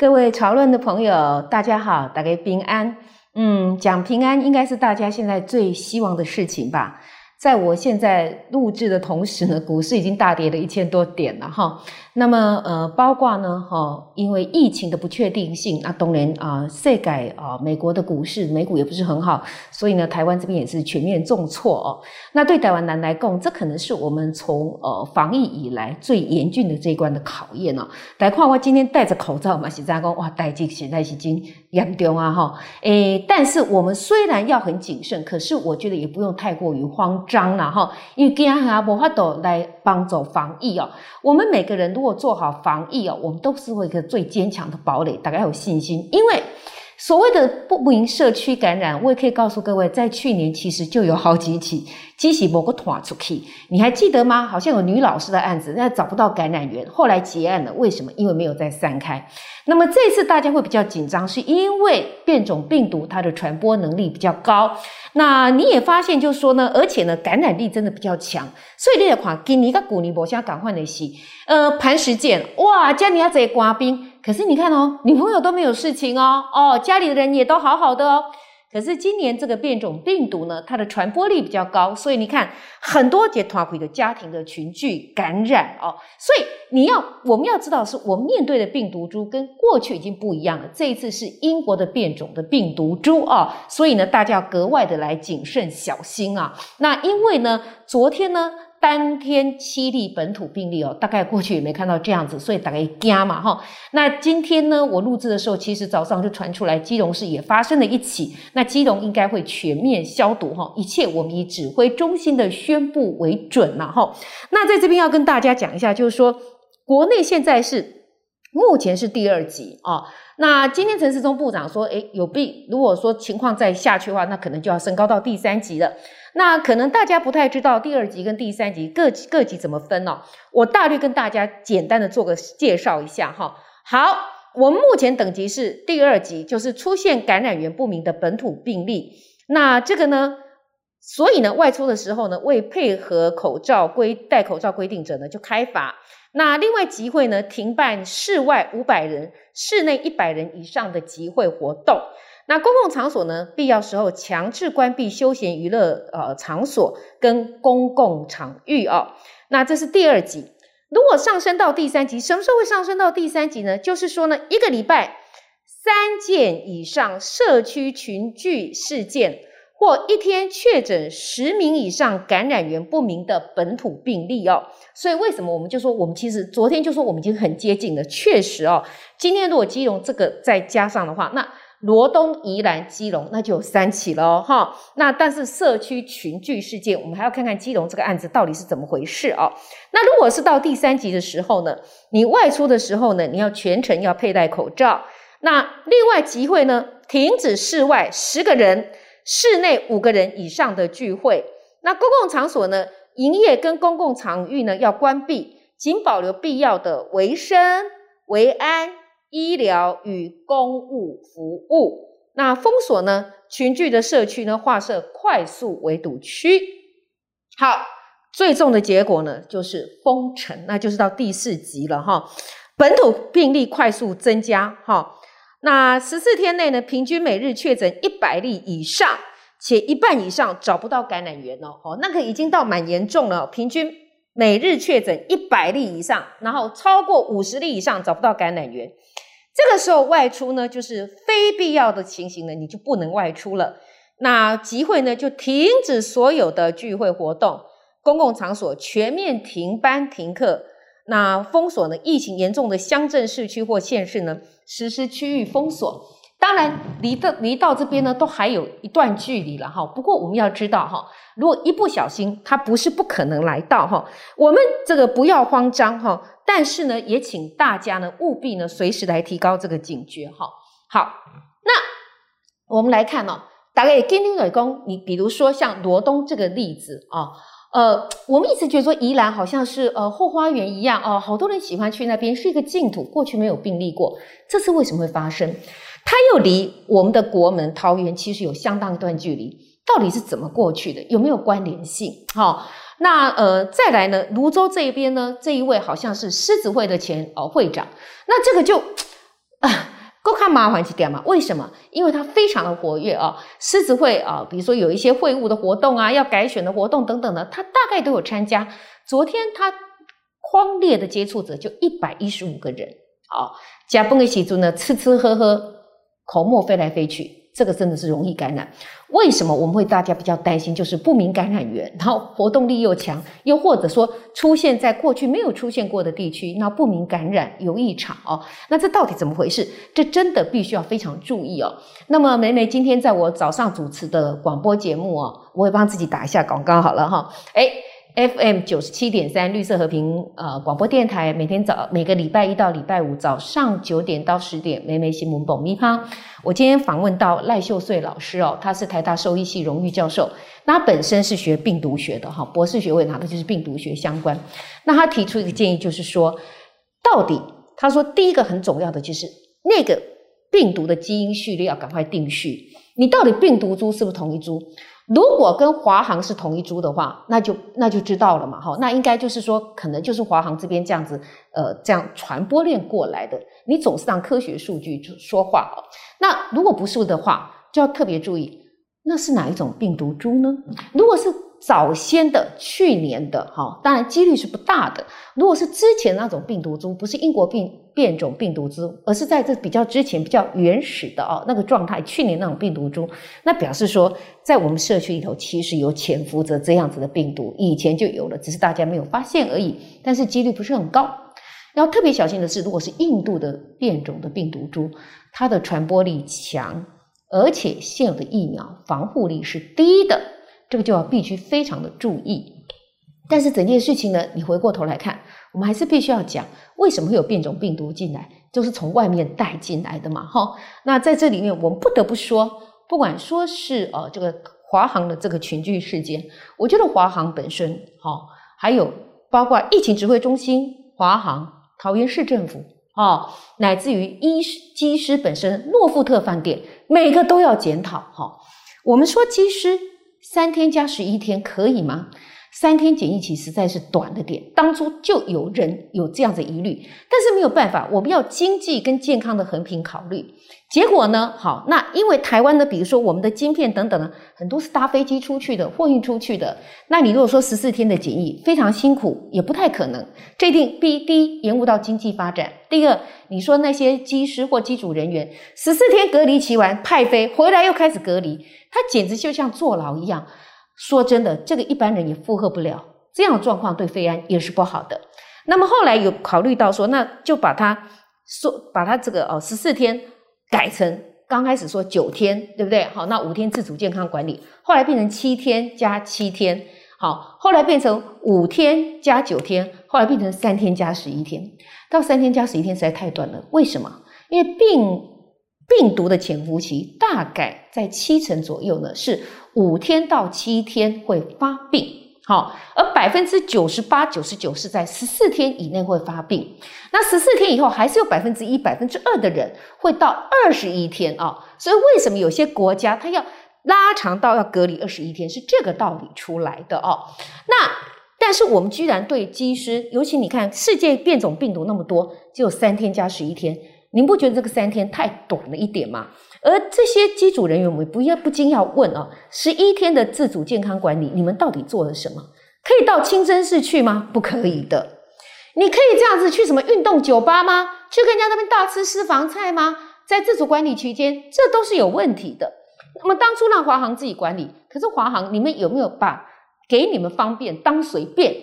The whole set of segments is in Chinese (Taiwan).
各位潮論的朋友，大家好，大家平安。嗯，講平安應該是大家現在最希望的事情吧？在我現在錄製的同時呢，股市已經大跌了一千多點了，哈。那麼呃，包括呢，哈，因為疫情的不確定性，那當然啊世界啊，美國的股市美股，也不是很好，所以呢，台灣這邊也是全面重挫哦。那對台灣人來講，這可能是我們從呃防疫以來最嚴峻的這一關的考驗哦，來看我今天戴着口罩嘛，現在講哇，疫情現在已經嚴重啊哈、哦。誒，但是我們雖然要很謹慎，可是我覺得也不用太過於慌張了哈，因為當下無法度來幫走防疫哦。我們每個人如果如果做好防疫哦，我們都是一個最堅強的堡壘，大家要有信心，因為，所謂的不明社區感染，我也可以告訴各位，在去年其實就有好幾起，只是某個傳出去，你還記得嗎？好像有女老師的案子，那找不到感染源，後來結案了。為什麼？因為沒有再散開。那麼這次大家會比較緊張，是因為變種病毒它的傳播能力比較高。那你也發現，就是說呢，而且呢，感染力真的比較強。所以這款給你一個鼓勵，我現在趕快來寫。呃，磐石艦，哇，家裡要這些官兵。可是你看哦，女朋友都沒有事情哦，哦，家裡的人也都好好的哦。可是今年這個變種病毒呢，它的傳播力比較高，所以你看很多集團會的家庭的群聚感染哦。所以你要，我們要知道，是我面對的病毒株跟過去已經不一樣了。這一次是英國的變種的病毒株啊，哦，所以呢，大家要格外的來謹慎小心啊。那因為呢，昨天呢。當天七例本土病例哦，大概過去也沒看到這樣子，所以大概驚嘛哈。那今天呢，我錄製的時候，其實早上就傳出來基隆市也發生了一起，那基隆應該會全面消毒哈，一切我們以指揮中心的宣布為準了哈。那在這邊要跟大家講一下，就是說，國內現在是目前是第二級啊。那今天陳時中部長說，誒有病，如果說情況再下去的話，那可能就要升高到第三級了。那可能大家不太知道第二級跟第三級各級各級怎麼分哦，我大略跟大家簡單的做個介紹一下哈。好，我們目前等級是第二級，就是出現感染源不明的本土病例。那這個呢，所以呢，外出的時候呢，未配合口罩規戴口罩規定者呢，就開罰。那另外集會呢，停辦室外五百人、室內一百人以上的集會活動。那公共場所呢？必要時候強制關閉休閒娛樂呃場所跟公共場域哦。那這是第二級。如果上升到第三級，什麼時候會上升到第三級呢？就是說呢，一個禮拜三件以上社區群聚事件，或一天確診十名以上感染源不明的本土病例哦。所以為什麼我們就說，我們其實昨天就說我們已經很接近了？確實哦，今天如果基隆這個再加上的話，那羅東、宜蘭、基隆，那就有三起了哈、哦。那但是社區群聚事件，我們還要看看基隆這個案子到底是怎麼回事哦。那如果是到第三級的時候呢，你外出的時候呢，你要全程要佩戴口罩。那另外集會呢，停止室外十個人，室內五個人以上的聚會。那公共場所呢，營業跟公共場域呢要關閉，僅保留必要的維生維安。醫療與公務服務，那封鎖呢？群聚的社區呢，劃設快速圍堵區。好，最重的結果呢，就是封城，那就是到第四級了哈、哦。本土病例快速增加哈、哦，那十四天內呢，平均每日確診一百例以上，且一半以上找不到感染源哦。哦，那個已經到蠻嚴重了，平均每日確診一百例以上，然後超過五十例以上找不到感染源。這個時候外出呢，就是非必要的情形呢，你就不能外出了。那集會呢，就停止所有的聚會活動，公共場所全面停班停課。那封鎖呢，疫情嚴重的鄉鎮、市區或縣市呢，實施區域封鎖。當然，離到離到這邊呢，都還有一段距離了哈。不過我們要知道哈，如果一不小心，它不是不可能來到哈。我們這個不要慌張哈，但是呢，也請大家呢務必呢隨時來提高這個警覺哈。好，那我們來看呢，大概今天的公，你比如說像羅東這個例子啊，呃，我們一直覺得說宜蘭好像是呃後花園一樣哦，好多人喜歡去那邊，是一個淨土，過去沒有病例過，這次為什麼會發生？他又離我們的國門桃園其實有相當一段距離，到底是怎麼過去的？有沒有關聯性？好、哦，那呃，再來呢，蘆洲這邊呢，這一位好像是獅子會的前哦會長，那這個就啊夠他麻煩一點嘛？為什麼？因為他非常的活躍啊、哦，獅子會啊、哦，比如說有一些會務的活動啊，要改選的活動等等的，他大概都有參加。昨天他匡列的接觸者就一百一十五個人，好、哦，加班一起住呢，吃吃喝喝。口沫飛來飛去，這個真的是容易感染。為什麼我們會大家比較擔心？就是不明感染源，然後活動力又強，又或者說出現在過去沒有出現過的地區，那不明感染有異常哦。那這到底怎麼回事？這真的必須要非常注意哦。那麼，莓莓今天在我早上主持的廣播節目哦，我會幫自己打一下廣告好了哈、哦。哎。FM 九十七點三綠色和平，呃，廣播電台，每天早，每個禮拜一到禮拜五早上九點到十點，莓莓新聞蹦密哈。我今天訪問到賴秀穗老師哦，他是台大獸醫系榮譽教授，那他本身是學病毒學的哈、哦，博士學位拿的就是病毒學相關。那他提出一個建議，就是說，到底他說第一個很重要的就是那個病毒的基因序列要趕快定序，你到底病毒株是不是同一株？如果跟華航是同一株的話，那就那就知道了嘛，哈，那應該就是說，可能就是華航這邊這樣子，呃，這樣傳播鏈過來的。你總是讓科學數據說話啊。那如果不是的話，就要特別注意，那是哪一種病毒株呢？如果是，早先的去年的哈，當然幾率是不大的。如果是之前那種病毒株，不是英國病變種病毒株，而是在這比較之前、比較原始的哦，那個狀態，去年那種病毒株，那表示說，在我們社區裡頭其實有潛伏着這樣子的病毒，以前就有了，只是大家沒有發現而已。但是幾率不是很高。要特別小心的是，如果是印度的變種的病毒株，它的傳播力強，而且現有的疫苗防護力是低的。這個就要必須非常的注意，但是整件事情呢，你回過頭來看，我們還是必須要講，為什麼會有變種病毒進來？就是從外面帶進來的嘛。哈、哦，那在這裡面，我們不得不說，不管說是呃這個華航的這個群聚事件，我覺得華航本身，哈、哦，還有包括疫情指揮中心、華航、桃園市政府，啊、哦，乃至於醫師、機師本身、諾富特飯店，每個都要檢討。哈、哦，我們說機師。三天加十一天，可以嗎？三天檢疫期實在是短了點，當初就有人有這樣的疑慮，但是沒有辦法，我們要經濟跟健康的衡平考慮。結果呢，好，那因為台灣的，比如說我們的晶片等等呢，很多是搭飛機出去的，貨運出去的。那你如果說十四天的檢疫非常辛苦，也不太可能。這一定，第一，延誤到經濟發展；第二，你說那些機師或機組人員十四天隔離期完派飛回來又開始隔離，他簡直就像坐牢一樣。說真的，這個一般人也負荷不了。這樣的狀況對飛安也是不好的。那麼後來有考慮到說，那就把它說把它這個哦十四天改成剛開始說九天，對不對？好，那五天自主健康管理，後來變成七天加七天，好，後來變成五天加九天，後來變成三天加十一天。到三天加十一天實在太短了，為什麼？因為病病毒的潛伏期大概在七成左右呢，是。五天到七天會發病，好，哦，而百分之九十八、九十九是在十四天以內會發病。那十四天以後，還是有百分之一、百分之二的人會到二十一天啊，哦。所以，為什麼有些國家它要拉長到要隔離二十一天？是這個道理出來的哦。那但是我們居然對機師，尤其你看世界變種病毒那麼多，只有三天加十一天。您不覺得這個三天太短了一點嗎？而這些機組人員，我們不要不禁要問啊：十一天的自主健康管理，你們到底做了什麼？可以到清真寺去嗎？不可以的。你可以這樣子去什麼運動酒吧嗎？去跟人家那邊大吃私房菜嗎？在自主管理期間，這都是有問題的。那麼當初讓華航自己管理，可是華航，你們有沒有把給你們方便當隨便？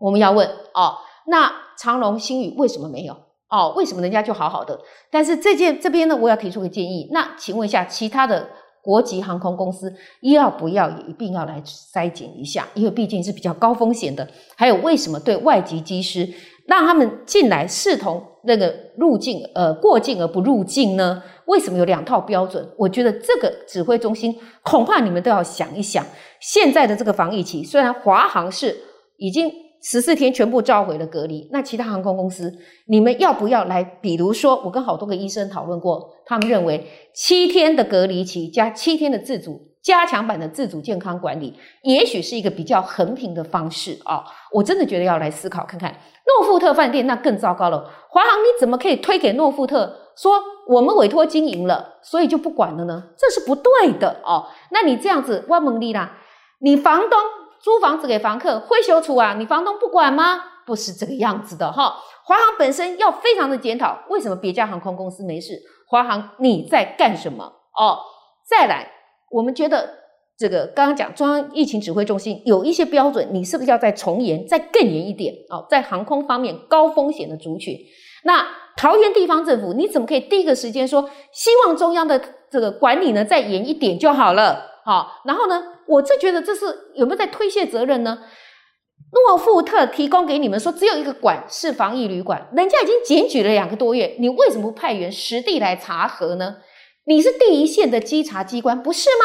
我們要問哦。那長榮、星宇為什麼沒有？哦，為什麼人家就好好的？但是這件這邊呢，我要提出個建議。那請問一下，其他的國際航空公司要不要也一定要來篩檢一下？因為畢竟是比較高風險的。還有，為什麼對外籍機師讓他們進來視同那個入境，呃，過境而不入境呢？為什麼有兩套標準？我覺得這個指揮中心恐怕你們都要想一想。現在的這個防疫期，雖然華航是已經。十四天全部召回了隔離，那其他航空公司，你們要不要來？比如說，我跟好多個醫生討論過，他們認為七天的隔離期加七天的自主加強版的自主健康管理，也許是一個比較衡平的方式哦，我真的覺得要來思考看看。諾富特飯店那更糟糕了，華航你怎麼可以推給諾富特說我們委托經營了，所以就不管了呢？這是不對的哦。那你這樣子，萬蒙利啦，你房東，租房子給房客會修除啊？你房東不管嗎？不是這個樣子的哈。華航本身要非常的檢討，為什麼別家航空公司沒事？華航你在幹什麼？哦，再來，我們覺得這個剛剛講中央疫情指揮中心有一些標準，你是不是要再從嚴、再更嚴一點？哦，在航空方面高風險的族群，那桃園地方政府你怎麼可以第一個時間說希望中央的這個管理呢再嚴一點就好了？好、哦，然後呢？我這覺得這是有沒有在推卸責任呢？諾富特提供給你們說只有一個館是防疫旅館，人家已經檢舉了兩個多月，你為什麼不派員實地來查核呢？你是第一線的稽查機關，不是嗎？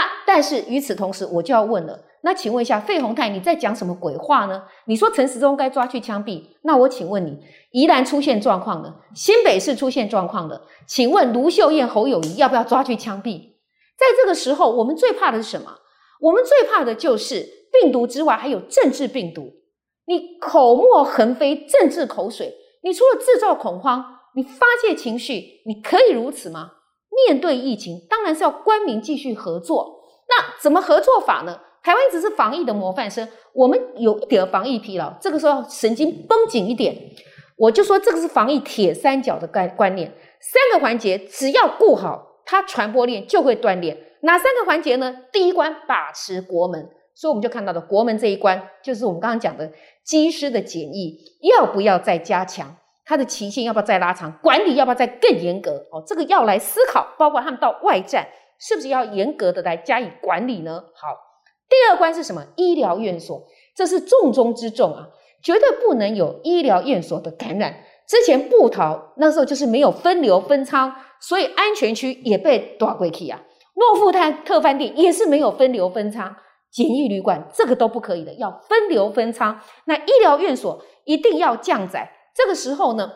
那但是與此同時，我就要問了，那請問一下費鴻泰，你在講什麼鬼話呢？你說陳時中該抓去槍斃，那我請問你，宜蘭出現狀況了，新北市出現狀況了，請問盧秀燕、侯友宜要不要抓去槍斃？在這個時候，我們最怕的是什麼？我們最怕的就是病毒之外還有政治病毒。你口沫橫飛，政治口水，你除了制造恐慌，你發洩情緒，你可以如此嗎？面對疫情，當然是要官民繼續合作。那怎麼合作法呢？台灣一直是防疫的模範生，我們有一點防疫疲勞，這個時候神經繃緊一點。我就說，這個是防疫鐵三角的概觀念，三個環節只要顧好，它傳播鏈就會斷裂。哪三個環節呢？第一關把持國門，所以我們就看到的國門這一關，就是我們剛剛講的機師的檢疫，要不要再加強？它的期限要不要再拉長？管理要不要再更嚴格？哦，這個要來思考。包括他們到外站，是不是要嚴格的來加以管理呢？好，第二關是什麼？醫療院所，這是重中之重啊，絕對不能有醫療院所的感染。之前部桃，那時候就是沒有分流分倉，所以安全區也被奪過去啊。諾富特飯店也是沒有分流分艙，簡易旅館這個都不可以的，要分流分艙。那醫療院所一定要降載。這個時候呢，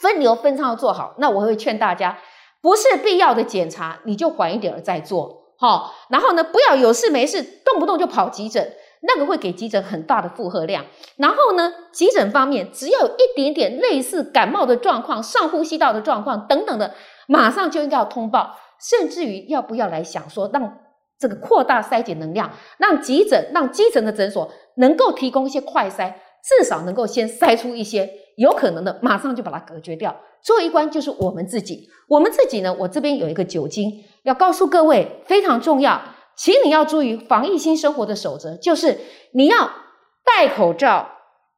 分流分艙要做好。那我會勸大家，不是必要的檢查你就緩一點兒再做，好。然後呢，不要有事沒事動不動就跑急診，那個會給急診很大的負荷量。然後呢，急診方面只要有一點點類似感冒的狀況、上呼吸道的狀況等等的。馬上就應該要通報，甚至於要不要來想說，讓這個擴大篩檢能量，讓急診、讓基層的診所能夠提供一些快篩，至少能夠先篩出一些有可能的，馬上就把它隔絕掉。最後一關就是我們自己，我們自己呢，我這邊有一個酒精，要告訴各位非常重要，請你要注意防疫新生活的守則，就是你要戴口罩，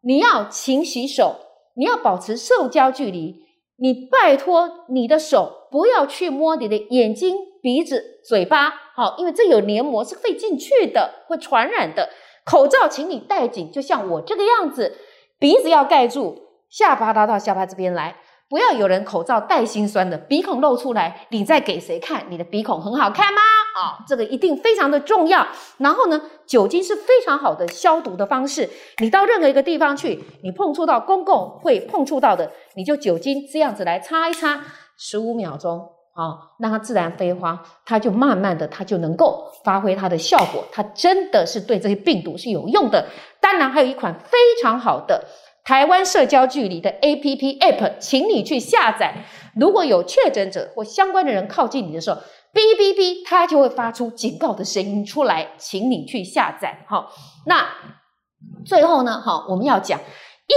你要勤洗手，你要保持社交距離，你拜托你的手，不要去摸你的眼睛、鼻子、嘴巴，好、哦，因為這有黏膜是會進去的，會傳染的。口罩，請你戴緊，就像我這個樣子，鼻子要蓋住，下巴拉到下巴這邊來，不要有人口罩戴心酸的鼻孔露出來，你再給誰看？你的鼻孔很好看嗎？啊、哦，這個一定非常的重要。然後呢，酒精是非常好的消毒的方式。你到任何一個地方去，你碰觸到公共會碰觸到的，你就酒精這樣子來擦一擦。十五秒鐘，啊、哦，讓它自然飛花，它就慢慢的，它就能夠發揮它的效果，它真的是對這些病毒是有用的。當然，還有一款非常好的台灣社交距離的 APP app，請你去下載。如果有確診者或相關的人靠近你的時候，嗶嗶嗶，它就會發出警告的聲音出來，請你去下載。好、哦，那最後呢，好、哦，我們要講。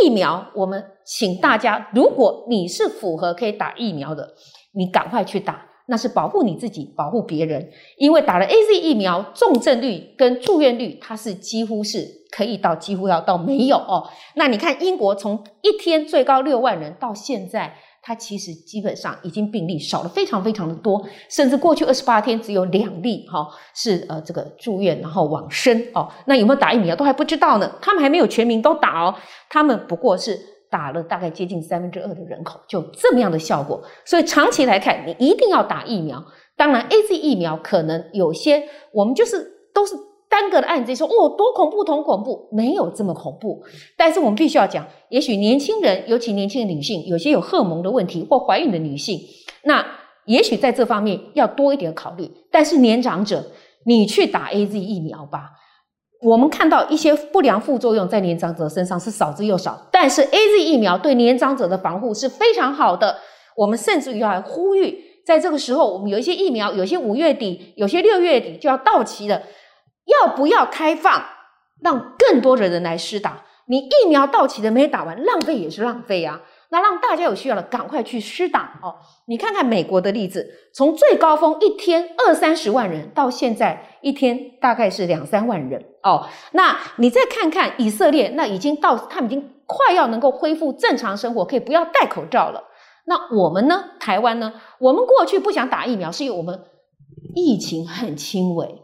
疫苗，我們請大家，如果你是符合可以打疫苗的，你趕快去打，那是保護你自己，保護別人。因為打了 AZ 疫苗，重症率跟住院率它是幾乎是可以到幾乎要到沒有哦。那你看，英國從一天最高六萬人到現在。他其實基本上已經病例少了非常非常的多，甚至過去二十八天只有兩例哈，是呃這個住院然後往生哦。那有沒有打疫苗都還不知道呢？他們還沒有全民都打哦，他們不過是打了大概接近三分之二的人口，就這麼樣的效果。所以長期來看，你一定要打疫苗。當然，AZ 疫苗可能有些我們就是都是。單個的案子說哦多恐怖，同恐怖沒有這麼恐怖。但是我們必須要講，也許年輕人，尤其年輕的女性，有些有荷爾蒙的問題或懷孕的女性，那也許在這方面要多一點考慮。但是年長者，你去打 AZ 疫苗吧。我們看到一些不良副作用在年長者身上是少之又少，但是 AZ 疫苗對年長者的防護是非常好的。我們甚至於要呼籲，在這個時候，我們有一些疫苗，有些五月底，有些六月底就要到期了。要不要開放，讓更多的人來施打？你疫苗到期的沒有打完，浪費也是浪費啊！那讓大家有需要了，趕快去施打哦。你看看美國的例子，從最高峰一天二三十萬人，到現在一天大概是兩三萬人哦。那你再看看以色列，那已經到他們已經快要能夠恢復正常生活，可以不要戴口罩了。那我們呢？台灣呢？我們過去不想打疫苗，是因為我們疫情很輕微。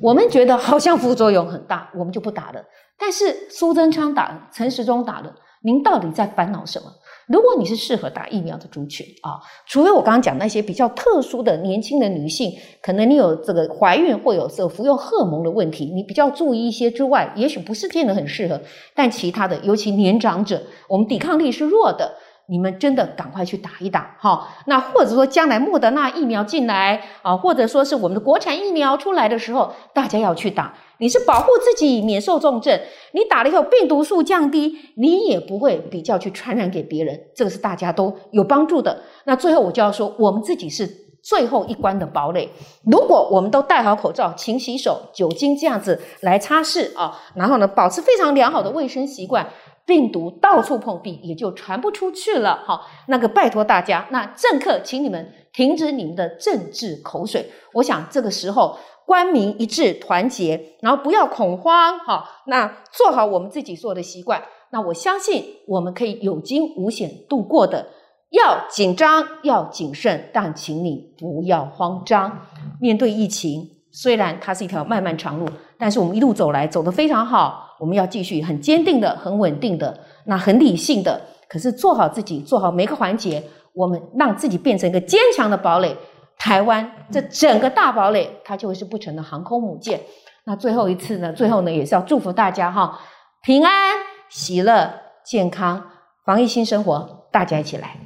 我們覺得好像副作用很大，我們就不打了。但是蘇貞昌打，陳時中打了，您到底在煩惱什麼？如果你是適合打疫苗的族群啊，除非我剛剛講那些比較特殊的年輕的女性，可能你有這個懷孕或有這個服用荷爾蒙的問題，你比較注意一些之外，也許不是見得很適合。但其他的，尤其年長者，我們抵抗力是弱的。你們真的趕快去打一打哈，那或者說，將來莫德納疫苗進來啊，或者說是我們的國產疫苗出來的時候，大家要去打。你是保護自己免受重症，你打了以後病毒素降低，你也不會比較去傳染給別人，這個是大家都有幫助的。那最後我就要說，我們自己是最後一關的堡壘。如果我們都戴好口罩、勤洗手、酒精這樣子來擦拭啊，然後呢，保持非常良好的衛生習慣。病毒到處碰壁，也就傳不出去了。好，那個拜托大家，那政客，請你們停止你們的政治口水。我想這個時候，官民一致團結，然後不要恐慌。好，那做好我們自己做的習慣。那我相信我們可以有驚無險度過的。要緊張，要謹慎，但請你不要慌張。面對疫情，雖然它是一條漫漫長路，但是我們一路走來走得非常好。我們要繼續很堅定的、很穩定的，那很理性的。可是做好自己，做好每個環節，我們讓自己變成一個堅強的堡壘。台灣這整個大堡壘，它就會是不沉的航空母艦。那最後一次呢？最後呢，也是要祝福大家哈，平安、喜樂、健康，防疫新生活，大家一起來。